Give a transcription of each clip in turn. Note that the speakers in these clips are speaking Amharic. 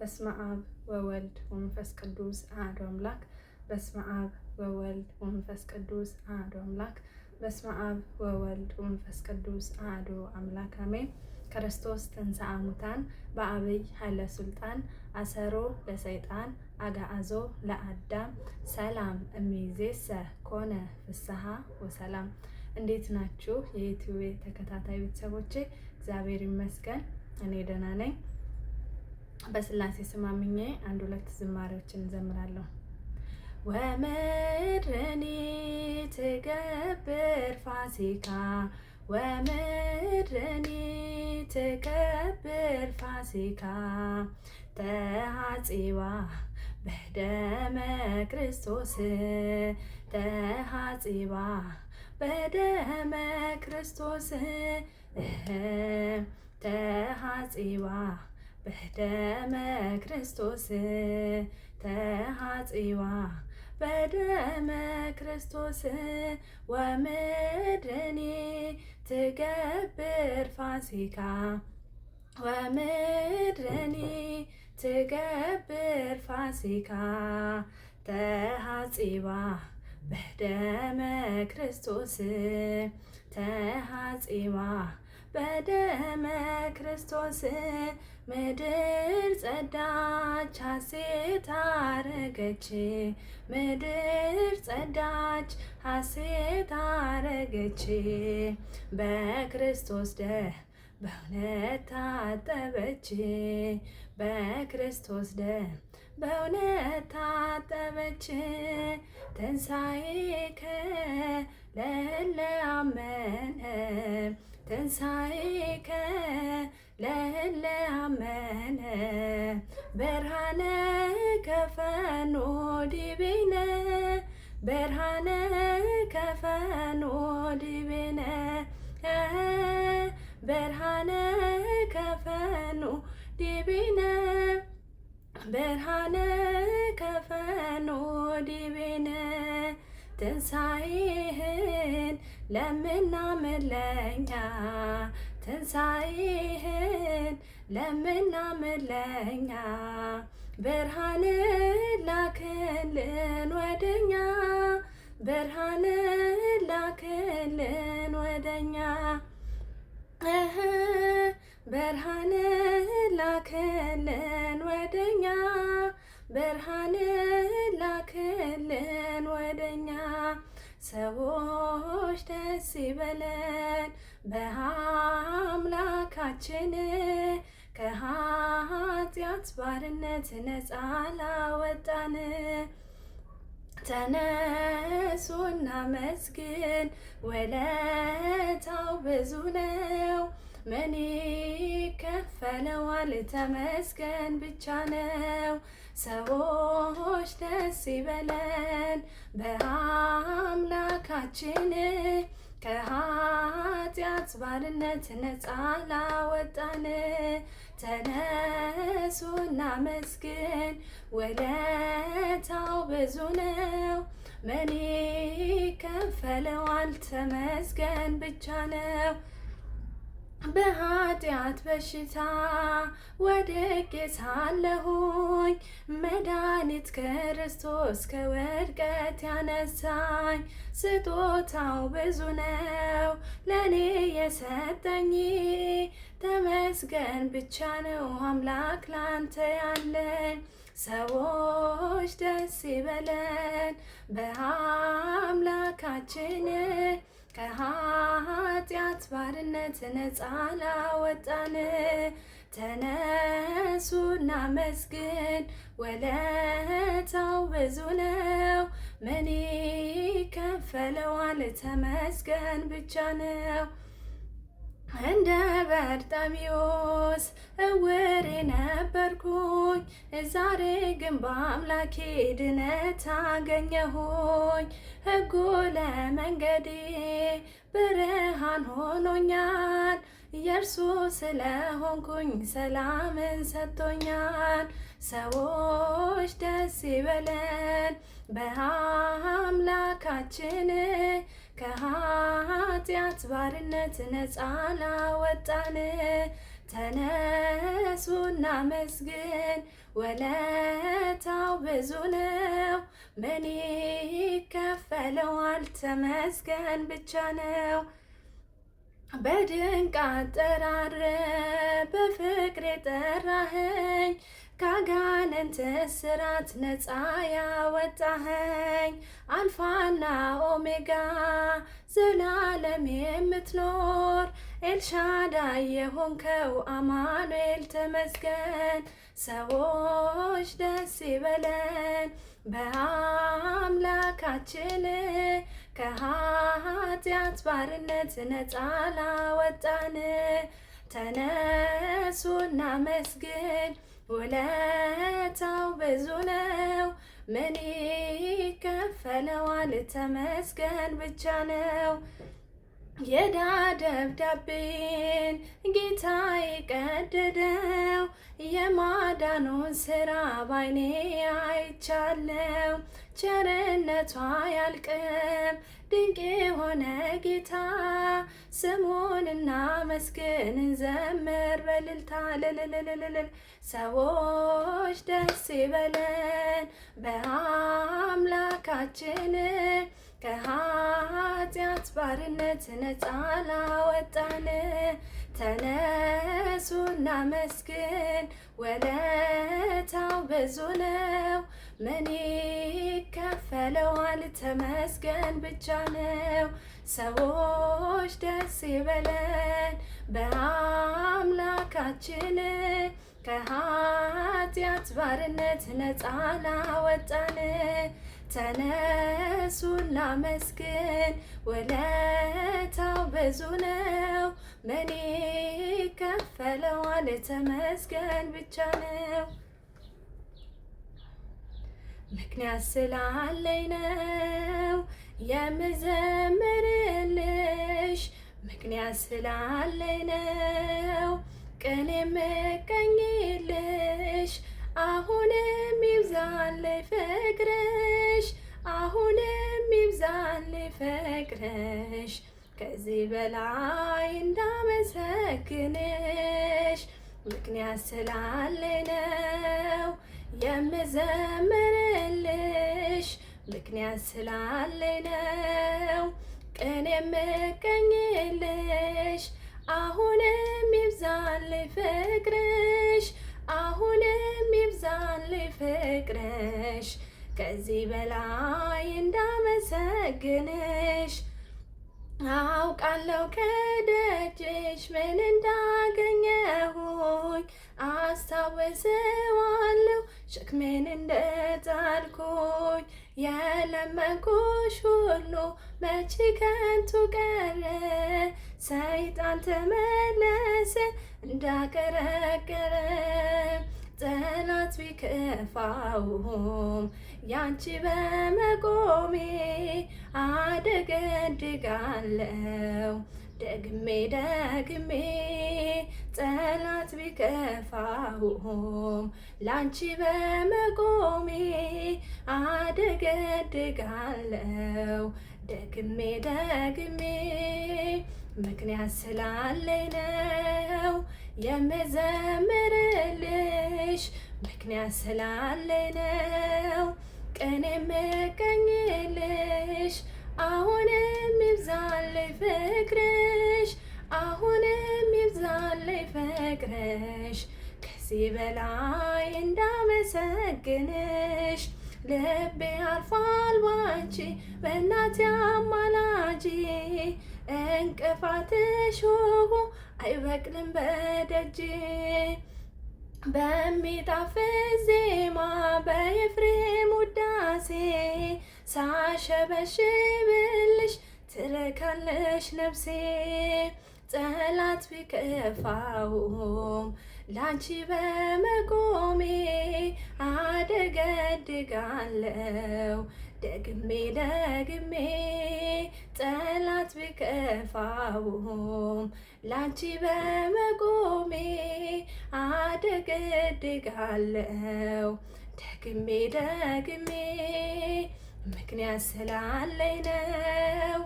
በስመ አብ ወወልድ ወመንፈስ ቅዱስ አሐዱ አምላክ። በስመ አብ ወወልድ ወመንፈስ ቅዱስ አሐዱ አምላክ። በስመ አብ ወወልድ ወመንፈስ ቅዱስ አሐዱ አምላክ አሜን። ክርስቶስ ትንሣአ ሙታን በዐቢይ ኃይለ ሥልጣን አሰሮ ለሰይጣን አጋአዞ ለአዳም ሰላም እምይእዜሰ ኮነ ፍስሐ ወሰላም። እንዴት ናችሁ የዩቲዩብ ተከታታይ ቤተሰቦቼ? እግዚአብሔር ይመስገን እኔ ደህና ነኝ። በስላሴ ስም አምኜ አንድ ሁለት ዝማሬዎችን እንዘምራለሁ። ወምድርኒ ትገብር ፋሲካ ወምድርኒ ትገብር ፋሲካ ተሃጺባ በደመ ክርስቶስ ተሃጺባ በደመ ክርስቶስ ተሃጺባ በደመ ክርስቶስ ተሃጽዋ በደመ ክርስቶስ ወምድኒ ትገብር ፋሲካ ትገብር ፋሲካ በደመ ክርስቶስ በደመ ክርስቶስ ምድር ጸዳች፣ ሐሴት አረገች። ምድር ጸዳች፣ ሐሴት አረገች። በክርስቶስ ደ በእውነት ታጠበች። በክርስቶስ ደ በእውነት ታጠበች። ትንሣኤከ ለለአመነ ትንሣኤከ ለእለ አመነ ብርሃነከ ፈኖ ዲቤነ ብርሃነከ ፈኖ ዲቤነ ብርሃነከ ፈኖ ዲቤነ ብርሃነከ ፈኖ ዲቤነ ትንሣኤህን ለምናምን ለኛ ትንሣኤህን ለምናምን ብርሃን ላክልን ወደኛ ብርሃን ላክልን ወደኛ ብርሃን ላክልን ወደኛ ብርሃን ላክልን ወደኛ ሰዎች ደስ ይበለን በአምላካችን ከኃጢአት ባርነት ነፃ ላወጣን ተነሱና መስግን ወለታው ብዙ ነው። ምን ይከፈለዋል? ተመስገን ብቻ ነው። ሰዎች ደስ ይበለን በአምላካችን ከኃጢአት ባርነት ነፃ ላወጣን ተነሱና መስግን ወለታው ብዙ ነው። መን ከፈለዋል? ተመስገን ብቻ ነው። በኃጢአት በሽታ ወድቄ ሳለሁኝ መድኃኒት ክርስቶስ ከውድቀት ያነሳኝ። ስጦታው ብዙ ነው ለእኔ የሰጠኝ፣ ተመስገን ብቻ ነው አምላክ ላንተ ያለን። ሰዎች ደስ ይበለን በአምላካችን ከኃጢአት ባርነት ነፃ ላወጣን ተነሱና መስግን ወለታው ብዙ ነው። ምን ይከፈለዋል? ተመስገን ብቻ ነው። እንደ በርጣሚዎስ እውር ነበርኩኝ፣ ዛሬ ግን በአምላኬ ድነት አገኘሁኝ። ሕጉ ለመንገዴ ብርሃን ሆኖኛል፣ የእርሱ ስለሆንኩኝ ሰላምን ሰጥቶኛል። ሰዎች ደስ ይበለን በአምላካችን ከኃጢአት ባርነት ነፃ ላወጣን ተነሱና መስግን፣ ወለታው ብዙ ነው። ምን ይከፈለዋል? ተመስገን ብቻ ነው። በድንቅ አጠራር በፍቅር የጠራኸኝ ካጋንንት እስራት ነፃ ያወጣኸኝ አልፋና ኦሜጋ ዘላለም የምትኖር ኤልሻዳይ የሆንከው አማኑኤል ተመስገን። ሰዎች ደስ ይበለን በአምላካችን ከኃጢአት ባርነት ነፃ ላወጣን። ተነሱና መስግን ውለታው ብዙ ነው፣ ምን ይከፈለዋል? ተመስገን ብቻ ነው። የዳ ደብዳቤን ጌታ የቀደደው የማዳኑን ስራ ባይኔ አይቻለው። ቸርነቷ ያልቅም ድንቅ የሆነ ጌታ ስሙንና መስግን ዘምር በልልታ ለለለለለል ሰዎች ደስ ይበለን በአምላካችን ከኃጢአት ባርነት ነፃ ላወጣን ተነሱ እናመስግን። ወለታው ብዙ ነው፣ ምን ይከፈለዋል? ተመስገን ብቻ ነው። ሰዎች ደስ ይበለን በአምላካችን ከኃጢአት ባርነት ነፃ ላወጣን ተነሱን መስግን ወለታው ብዙ ነው። ምን ከፈለዋል? ተመስገን ብቻ ነው። ምክንያት ስላለኝ ነው የምዘምርልሽ፣ ምክንያት ስላለኝ ነው ቅን የምገኝልሽ አሁንም ይብዛልኝ ፍቅርሽ አሁንም ይብዛልኝ ፍቅርሽ ከዚህ በላይ እንዳመሰግንሽ ምክንያት ስላለኝ ነው የምዘምርልሽ ምክንያት ስላለኝ ነው ቀን የምቀኝልሽ አሁንም ይብዛልኝ ፍቅርሽ አሁንም ይብዛን ፍቅርሽ ከዚህ በላይ እንዳመሰግንሽ አውቃለሁ ከደጅሽ ምን እንዳገኘሁኝ አስታውሰዋለሁ ሸክሜን እንደጣልኩኝ። የለመንኩሽ ሁሉ መቼ ከንቱ ቀረ፣ ሰይጣን ተመለሰ እንዳቀረቀረ ጠላት ቢከፋውም ያንቺ በመቆሜ አደገድጋለው ደግሜ ደግሜ ጠላት ቢከፋውም ላንቺ በመቆሜ አደገድጋለው ደግሜ ደግሜ ምክንያት ስላለኝ ነው የምዘምርልሽ ምክንያት ስላለኝ ነው ቀን የምገኝልሽ አሁንም ይብዛልኝ ፍቅርሽ አሁንም ይብዛልኝ ፍቅርሽ ከዚህ በላይ እንዳመሰግንሽ ልቤ አርፏል ባንቺ በእናቴ አማላጅ እንቅፋት ሾሁ አይበቅልም በደጅ በሚጣፍጥ ዜማ በኤፍሬም ውዳሴ ሳሸበሽብልሽ ትረካለሽ ነፍሴ ጠላት ቢከፋውም ላንቺ በመቆሜ አደገድጋለው ደግሜ ደግሜ ጠላት ቢከፋውም ላንቺ በመቆሜ አደገድጋለው ደግሜ ደግሜ ምክንያት ስላለኝ ነው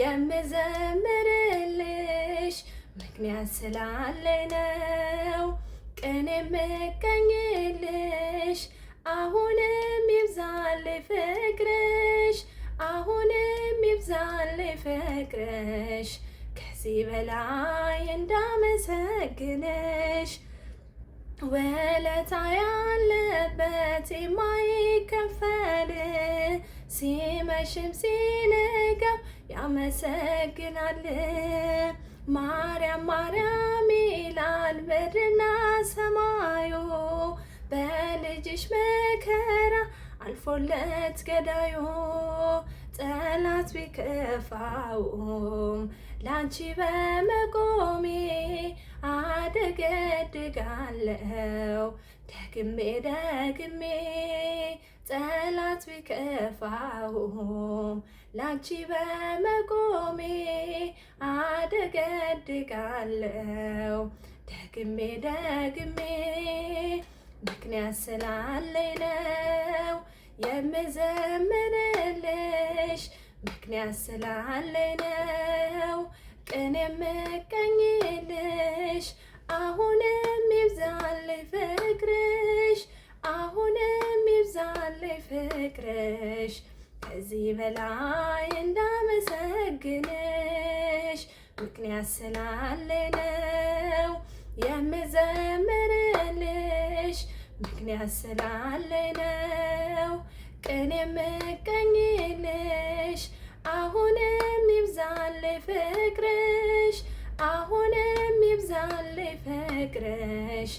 የምዘምርልሽ ምክንያት ስላለኝ ነው ቅን የምገኝልሽ አሁንም ይብዛልኝ ፍቅርሽ አሁንም ይብዛልኝ ፍቅርሽ ከዚህ በላይ እንዳመሰግንሽ ወለታ ያለበት የማይከፈል ሲመሽም ሲነጋም ያመሰግናል። ማርያም ማርያም ይላል ምድርና ሰማዩ ትንሽ መከራ አልፎለት ገዳዩ ጠላት ቢከፋውም ላንቺ በመቆሜ አደገድጋለው ደግሜ ደግሜ ጠላት ቢከፋውም ላንቺ በመቆሜ አደገድጋለው ደግሜ ደግሜ ምክንያት ስላለኝ ነው የምዘምርልሽ ምክንያት ስላለኝ ነው ቅን የምቀኝልሽ አሁንም ይብዛልኝ ፍቅርሽ አሁንም ይብዛልኝ ፍቅርሽ ከዚህ በላይ እንዳመሰግንሽ ምክንያት ስላለኝ ነው የምዘምርልሽ ምክንያት ስላለኝ ነው ቅን የምገኝልሽ አሁንም ይብዛልኝ ፍቅርሽ አሁንም ይብዛልኝ ፍቅርሽ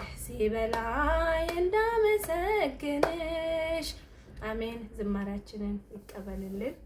ከዚህ በላይ እንዳመሰግንሽ አሜን። ዝማሪያችንን ይቀበልልን።